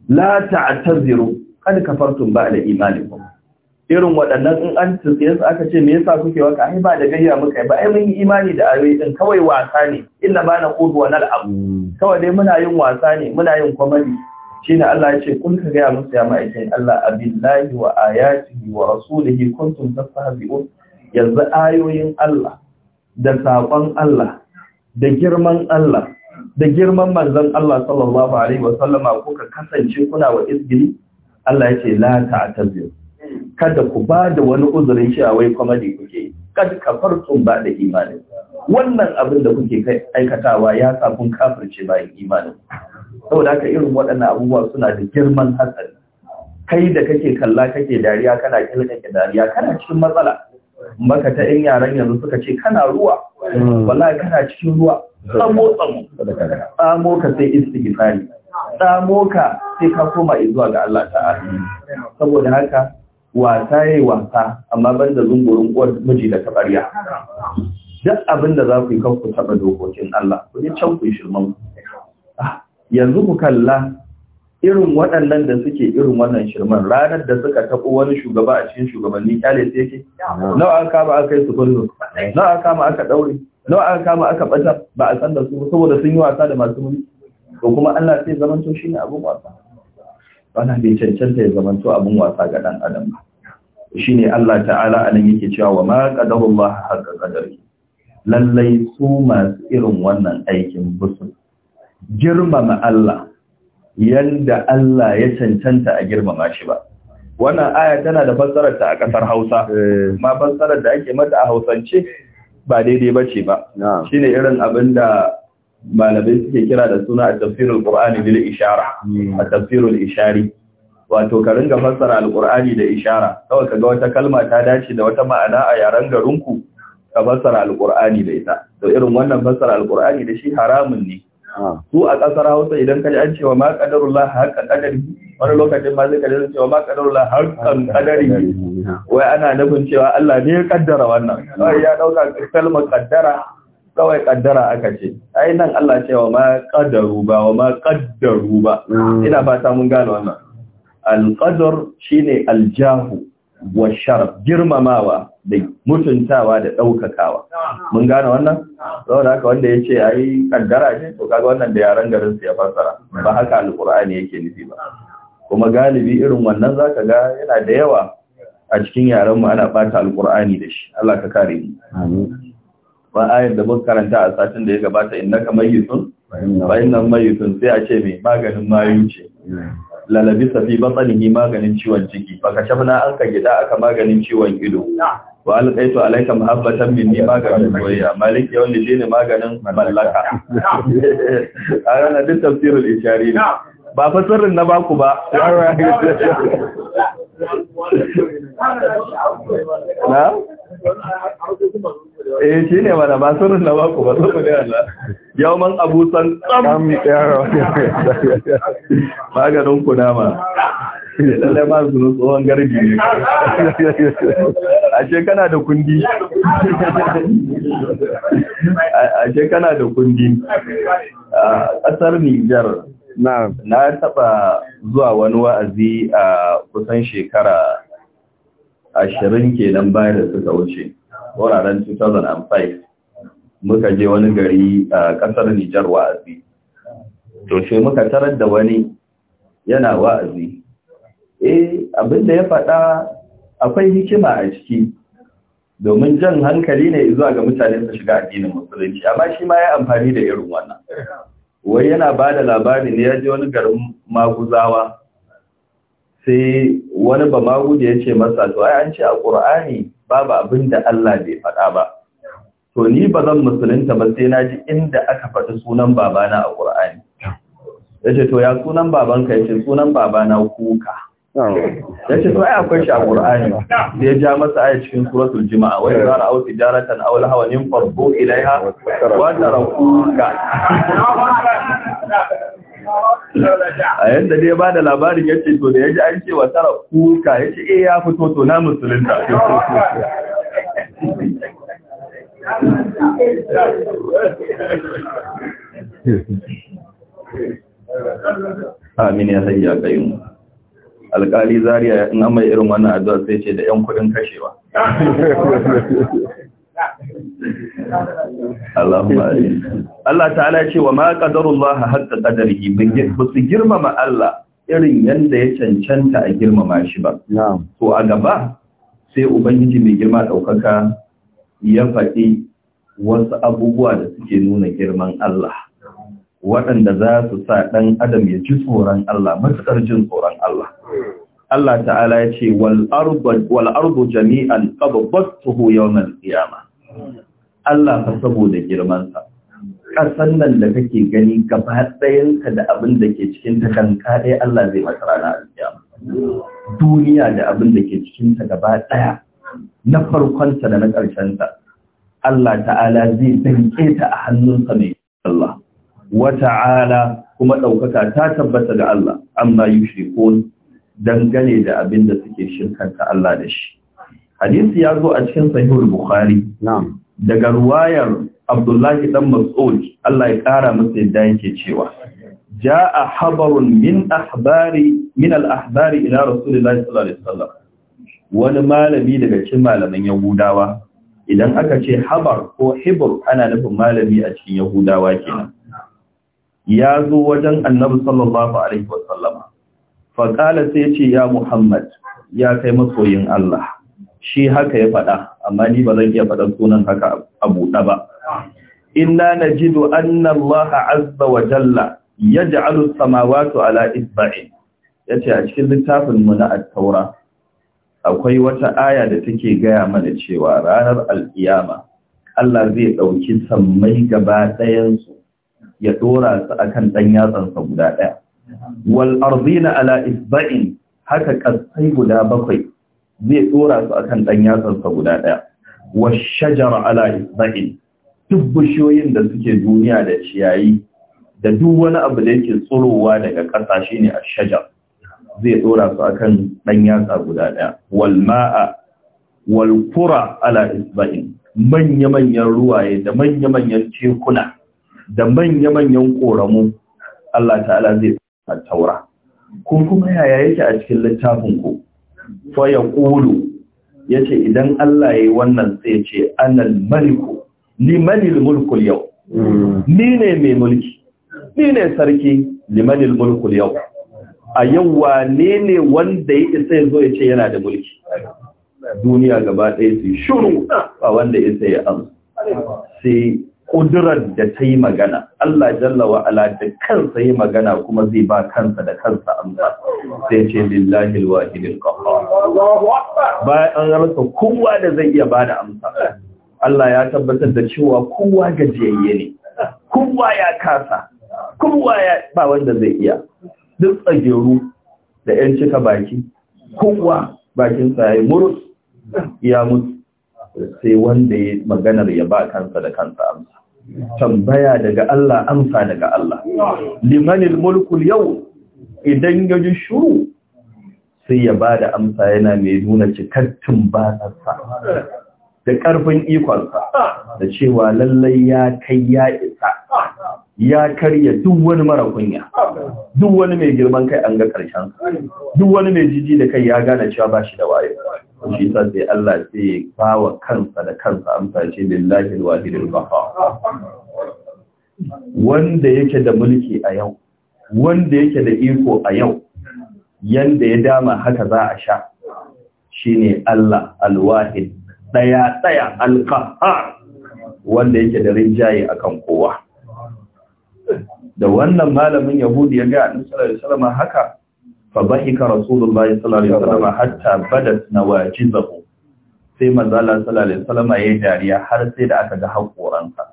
la ta'taziru kad kafartum ba'da imanikum irin waɗannan in an tsiye su aka ce me yasa kuke waka ai ba da gayya muka ba ai mun yi imani da ayoyi din kawai wasa ne illa ba na qudu wal kawai dai muna yin wasa ne muna yin komedi shine Allah ya ce kun ka gaya musu ya ma'aikai Allah abillahi wa ayatihi wa rasulihi kuntum tastahzi'un yanzu ayoyin Allah da sakon Allah da girman Allah da girman manzon Allah sallallahu alaihi wasallama kuka kasance kuna wa izgili Allah yake la ta'tazir kada ku ba da wani uzurin cewa wai comedy kuke kad kafartum ba da imani wannan abin da kuke kai aikatawa ya sa kun kafirce bayan imani saboda haka irin waɗannan abubuwa suna da girman hatsari kai da kake kalla kake dariya kana kilka dariya kana cikin matsala maka ta yan yaran yanzu suka ce kana ruwa hmm. wallahi kana cikin ruwa tsamo tsamo tsamo ka sai istighfari tsamo ka sai ka koma zuwa ga Allah ta'ala saboda haka wasa yayi wasa amma banda zungurin uwar miji da kabariya duk abin da za ku yi taɓa dokokin Allah ku je can ku yi shirman ah, yanzu ku kalla irin waɗannan da suke irin wannan shirman ranar da suka taɓo wani shugaba a cikin shugabanni kyale sai yake nawa aka kama aka yi su kullum nawa aka kama aka daure nawa aka kama aka ɓata ba a san da su saboda sun yi wasa da masu mulki to kuma Allah sai zamanto shi ne abin wasa wannan bai cancanta ya zamanto abin wasa ga ɗan adam shi ne Allah ta'ala anan yake cewa wa ma qadarullah haqqa qadari lallai su masu irin wannan aikin busu girmama Allah yanda Allah ya cancanta a girmama shi ba wannan aya tana da fassarar ta a ƙasar Hausa eh. ma fassarar da ake mata a Hausance ba daidai ba ce ba Shi ne irin abin da malamai suke kira da suna a tafsirul qur'ani bil ishara hmm. a tafsirul ishari wato ka ringa fassara alqur'ani da ishara kawai ga wata kalma ta dace da wata ma'ana a yaren garinku ka fassara alqur'ani da ita to irin wannan fassara alqur'ani da shi haramun ne su a ƙasar hausa idan ka ji an cewa ma ƙadarullah haƙa ƙadari wani lokacin ma zai kaji cewa ma ƙadarullah haƙan ƙadari wai ana nufin cewa Allah ne ya kaddara wannan kawai ya ɗauka kalmar kaddara, kawai kaddara aka ce ai nan Allah cewa ma ƙadaru ba wa ma ƙaddaru ba ina fata mun gane wannan qadar shine aljahu wa sharaf girmamawa da mutuntawa da ɗaukakawa mun gane wannan saboda haka wanda ya ce yi kaddara ne to kaga wannan da yaren garin su ya fassara ba haka alkur'ani yake nufi ba kuma galibi irin wannan zaka ga yana da yawa a cikin yaren mu ana bata alkur'ani da shi Allah ka kare mu amin ba ayar da muka karanta a satin da ya gabata innaka mayyitun wa innam mayyitun sai a ce me maganin mayu ce lalabisa fi batsanihi maganin ciwon ciki baka shafna an ka gida aka maganin ciwon ido wa alqaitu alayka mahabbatan minni maganin soyayya malik yawan da shine maganin mallaka a ranar duk tafsirul ishari ne ba fasirin na baku ba na eh shi ne mana ba sunan na ku ba su ne Allah yau man abu san tsam maganin kunama lallai ma su tsohon garbi ne ashe kana da kundi ashe kana da kundi a ƙasar Nijar na taɓa zuwa wani wa'azi a kusan shekara ashirin kenan bayan da suka wuce wuraren 2005 muka je wani gari a kasar Nijar wa'azi. To muka tarar da wani yana wa'azi. Eh, abinda ya faɗa akwai hikima a ciki, domin jan hankali ne zuwa ga mutane su shiga addinin musulunci, amma shi ma ya amfani da irin wannan. Wai yana ba da labari ne ya je wani garin maguzawa, sai wani ba da ya ce masa, to ai an ce a ƙur'ani babu abin da Allah bai faɗa ba to ni ba zan musulunta ba sai na ji inda aka faɗi sunan babana a Qur'ani yace to ya sunan babanka yace sunan babana kuka yace to ai akwai shi a Qur'ani da ya ja masa aya cikin suratul Juma'a wa idza ra'aw tijaratan aw lahawan yanfardu ilaiha wa tarakuka a yadda dai ba da labarin ya ce to da ya ji an ce wa tara kuka ya ce iya eh, fito to na musulunta amin ya sai ya kayu alkali zariya in amma irin wannan addu'a sai ce da yan kudin kashewa Allah ta'ala ce wa ma qadarullah hatta qadarihi ba su girmama Allah irin yadda ya cancanta a girmama shi ba to a gaba sai ubangiji mai girma ɗaukaka, ya faɗi wasu abubuwa da suke nuna girman Allah waɗanda za su sa ɗan adam ya ji tsoron Allah matuƙar jin tsoron Allah Allah ta'ala ya ce wal ardu jami'an qabdatuhu yawm qiyamah Allah fa saboda girmansa ƙasan nan da kake gani gaba ɗayanka da abin da ke cikin ta kanka Allah zai masa rana jiya. duniya da abin da ke cikin ta gaba ɗaya na farkonta da na ƙarshenta Allah ta'ala zai danke ta a hannunsa mai Allah wa ta'ala kuma ɗaukaka ta tabbata ga Allah amma yushe, yushrikun dangane da abin da suke shirkanta Allah da shi hadisi ya zo a cikin sahihul bukhari na'am daga ruwayar abdullahi dan mas'ud Allah ya kara masa yadda yake cewa ja'a habarun min ahbari min al-ahbari ila rasulillahi sallallahu alaihi wasallam wani malami daga cikin malaman yahudawa idan aka ce habar ko hibur ana nufin malami a cikin yahudawa kenan ya zo wajen annabi sallallahu alaihi wasallama Faqala sai ya ce ya muhammad ya kai masoyin Allah shi haka ya faɗa amma ni ba zan iya faɗan sunan haka a buɗe ba inna najidu anna Allah azza wa jalla yaj'alu samawati ala isba'in yace a cikin littafin mu na at-taura akwai wata aya da take gaya mana cewa ranar alkiyama Allah zai dauki sammai gaba ɗayan su ya dora su akan dan yatsan sa guda ɗaya wal ardina ala isba'in haka kasai guda bakwai zai tsora su akan ɗan yatsansa guda ɗaya. wa shajar ala isra'il duk bishiyoyin da suke duniya da ciyayi da duk wani abu da yake tsorowa daga ƙasa ne a shajar zai tsora su akan ɗan yatsa guda ɗaya. wal ma'a wal kura ala isra'il manya-manyan ruwaye da manya-manyan tekuna da manya-manyan ƙoramu Allah ta'ala zai taura ko kuma yaya yake a cikin littafin ku fa ya ƙulu ya ce idan Allah ya yi wannan sai ce anan maliku manil mulkul yau hmm. ni ne mai mulki ni ne sarki manil mulkul yau a yau wanene ne wanda ya isa ya zo ya ce yana da mulki duniya gaba ɗaya su shuru ba wanda ya sai ya amsa sai kudurar da ta yi magana Allah jalla wa ala da kansa yi magana kuma zai ba kansa da kansa amsa sai ce lillahi alwahidil bayan an rasa kowa da zai iya bada amsa Allah ya tabbatar da cewa kowa gajiyayye ne kowa ya kasa kowa ya ba wanda zai iya duk tsageru da yan cika baki kowa bakinsa ya yi murus ya mutu sai wanda ya maganar ya ba kansa da kansa amsa tambaya daga Allah amsa daga Allah limanil mulkul yau idan ya ji shuru sai ya ba da amsa yana mai nuna cikakken batarsa da ƙarfin ikonsa da cewa lallai ya kai ya isa ya karya duk wani mara kunya duk wani mai girman kai an ga ƙarshen duk wani mai jiji da kai ya gane cewa ba shi da wayo shi sa sai Allah sai ya bawa kansa da kansa amsa ce lillahi alwahidul qahhar wanda yake da mulki a yau wanda yake da iko a yau yanda ya dama haka za a sha shine Allah alwahid daya daya alqahhar wanda yake da rinjaye akan kowa da wannan malamin yahudi ya ga annabi sallallahu alaihi wasallam haka فضحك رسول الله صلى الله عليه وسلم حتى بدت نواجذه sai manzala sallallahu alaihi wasallam yayin dariya har sai da aka ga haƙoransa.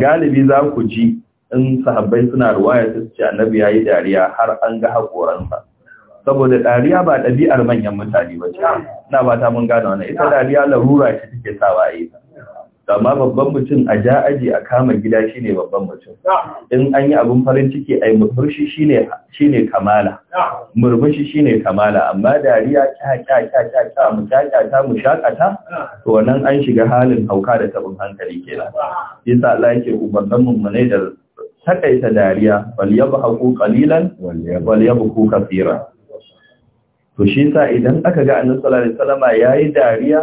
galibi za ku ji in sahabbai suna ruwa ya su ce annabi yayi dariya har an ga hakoransa saboda dariya ba dabi'ar manyan mutane ba ce ina ba ta mun gano wannan ita dariya larura ce take sawa a yi ta amma babban mutum a ja aji a kama gida shine babban mutum in an yi abin farin ciki ai murmushi shi ne kamala murmushi shine kamala amma dariya kya kya kya kya mu kya kya ta mu shakata to wannan an shiga halin hauka da tabin hankali kenan yasa Allah yake ubannin mu ne da takaita dariya wal yabhaku qalilan wal yabku kaseera to shi yasa idan aka ga annabi sallallahu alaihi wasallama yayi dariya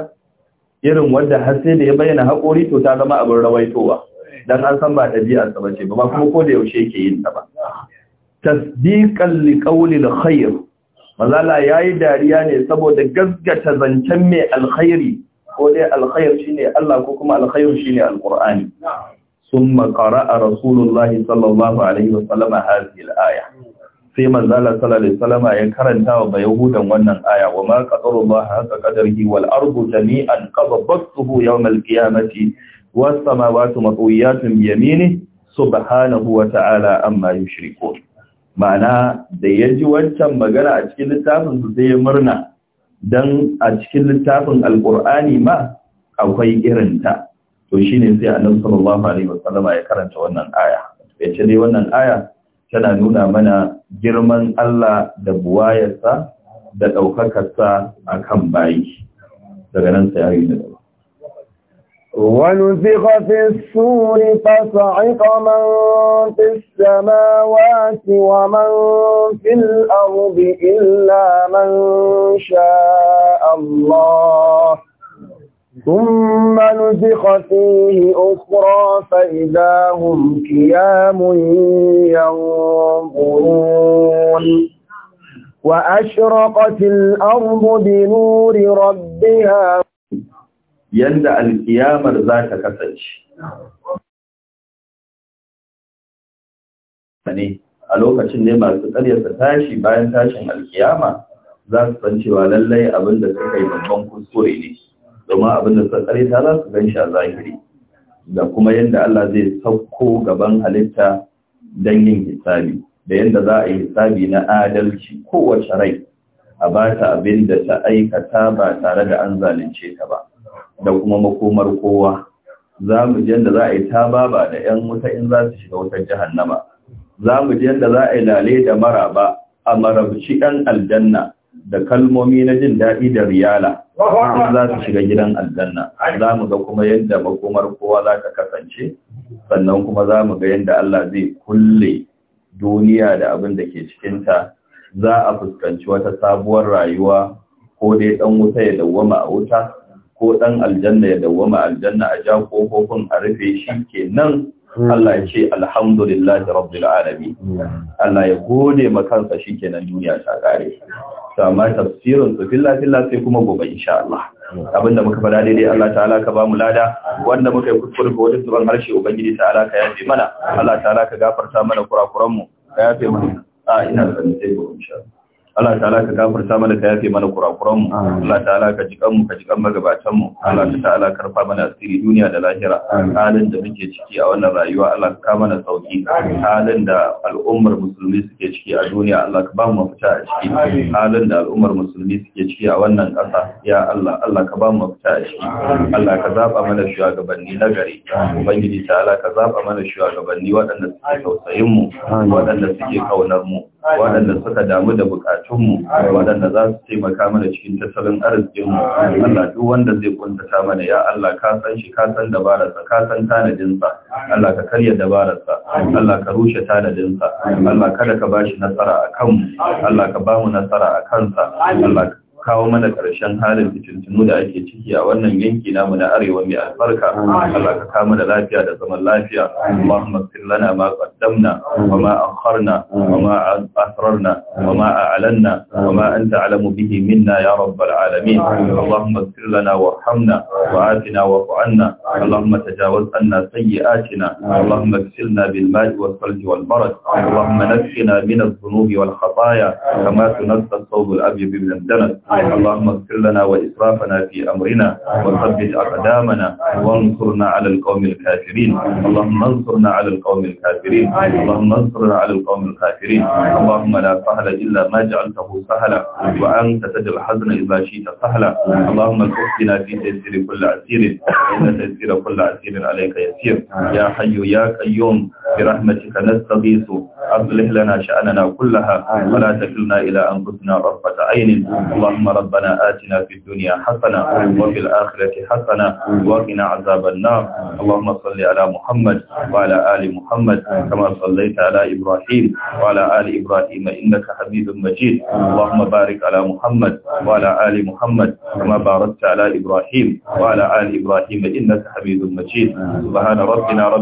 irin wanda har sai da ya bayyana haƙori to ta zama abin rawaitowa dan an san ba ɗabi'arsa ba ce ba kuma ko da yaushe yake yin ta ba tasdiqan li qawli mazala yayi dariya ne saboda gaskata zancen mai alkhairi ko dai alkhair shine Allah ko kuma alkhair shine alqur'ani ثم قرأ رسول الله صلى الله عليه وسلم هذه sai manzo Allah sallallahu alaihi ya karanta wa bayahudan wannan aya wa ma ba haka qadarihi wal ardu jami'an wasu yawm al qiyamati was samawati matwiyatun bi ba subhanahu wa ta'ala amma yushrikun ma'ana da ji wancan magana a cikin littafin su sai murna dan a cikin littafin alqur'ani ma akwai irin ta. to shine sai annabi sallallahu alaihi wasallama ya karanta wannan aya yace dai wannan aya tana nuna mana girman Allah da buwayarsa da ɗaukakarsa a kan bayi daga nan sayari da gaba. ونزغ في السور فصعق من في السماوات ومن في الأرض إلا من شاء الله ثم نفخ فيه أخرى فإذا هم قيام ينظرون وأشرقت الأرض بنور ربها يندأ القيامة ذات كتج ne a lokacin ne masu ƙaryata tashi bayan tashin alkiyama za su san cewa lallai abin da suka babban kuskure ne zama abin da tsakari ta za su gan shi a zahiri da kuma yadda Allah zai sauko gaban halitta don yin hisabi da yadda za a yi hisabi na adalci kowace rai a ba ta abin da ta aikata ba tare da an zalunce ta ba da kuma makomar kowa za mu ji yadda za a yi ta ba da 'yan wuta in za su shiga wutar jahannama za mu ji yadda za a yi lale da mara ba, a marabci 'yan aljanna da kalmomi na jin daɗi da riyala kuma za su shiga gidan aljanna za mu ga kuma yadda makomar kowa za ka kasance sannan kuma za mu ga yadda Allah zai kulle duniya da abin da ke cikinta za a fuskanci wata sabuwar rayuwa ko dai ɗan wuta ya dawwama a wuta ko ɗan aljanna ya dawwama aljanna a ja kofofin a rufe shi kenan Allah ya ce alhamdulillahi rabbil alamin hmm. Allah ya gode makansa nan duniya ta kare to tafsirin su filla filla sai kuma gobe insha Allah abinda muka fada daidai Allah ta'ala ka bamu lada wanda muka yi kuskure ko wani zuban harshe ubangiji ta'ala ka yafe mana Allah ta'ala ka gafarta mana kurakuran mu ka yafe mana a ina sanin sai gobe insha Allah Allah ta'ala ka gafarta mana ka yafe mana kurakuranmu Allah ta'ala ka jikan mu ka jikan magabatan mu Allah ta'ala ka rufa mana asiri duniya da lahira halin da muke ciki a wannan rayuwa Allah ka mana sauki halin da al'ummar musulmi suke ciki a duniya Allah ka ba mu mafita a ciki halin da al'ummar musulmi suke ciki a wannan ƙasa ya Allah Allah ka ba mu mafita a ciki Allah ka zaba mana shugabanni na gari ubangiji ta'ala ka zaba mana shugabanni waɗanda suke tausayin mu waɗanda suke kaunar mu waɗanda suka damu da bukatunmu waɗanda za su taimaka mana cikin tattalin arzikinmu Allah duk wanda zai kuntata mana ya Allah ka san shi ka san dabararsa ka san tanadinsa Allah ka karya dabararsa Allah ka rushe tanadinsa Allah kada ka bashi nasara a kanmu Allah ka bamu nasara a kansa Allah ka. kawo mana ƙarshen halin fitintunu da ake ciki a wannan yanki namu na arewa mai albarka Allah ka kama da lafiya da zaman lafiya Allahumma fil lana ma qaddamna wa ma akharna wa ma asrarna wa ma a'lanna wa ma anta alamu bihi minna ya rabbal alamin Allahumma fil lana warhamna wa afina wa anna Allahumma tajawaz anna sayyi'atina Allahumma fsilna bil ma'i wal thalj wal barad Allahumma nafsina min adh-dhunubi wal khataaya kama tunassa ath-thawb al-abyad min ad-danas اللهم اغفر لنا وإسرافنا في أمرنا وثبت أقدامنا وانصرنا على القوم الكافرين اللهم انصرنا على القوم الكافرين اللهم انصرنا على القوم الكافرين اللهم لا سهل إلا ما جعلته سهلا وأنت تجعل الحزن إذا شئت سهلا اللهم اكفنا في تيسير كل عسير إن تيسير كل عسير عليك يسير يا حي يا قيوم برحمتك نستغيث أصلح لنا شأننا كلها ولا تكلنا إلى أنفسنا رفة عين اللهم اللهم ربنا آتنا في الدنيا حسنة وفي الآخرة حسنة وقنا عذاب النار اللهم صل على محمد وعلى آل محمد كما صليت على إبراهيم وعلى آل إبراهيم إنك حميد مجيد اللهم بارك على محمد وعلى آل محمد كما باركت على إبراهيم وعلى آل إبراهيم إنك حميد مجيد سبحان ربنا رب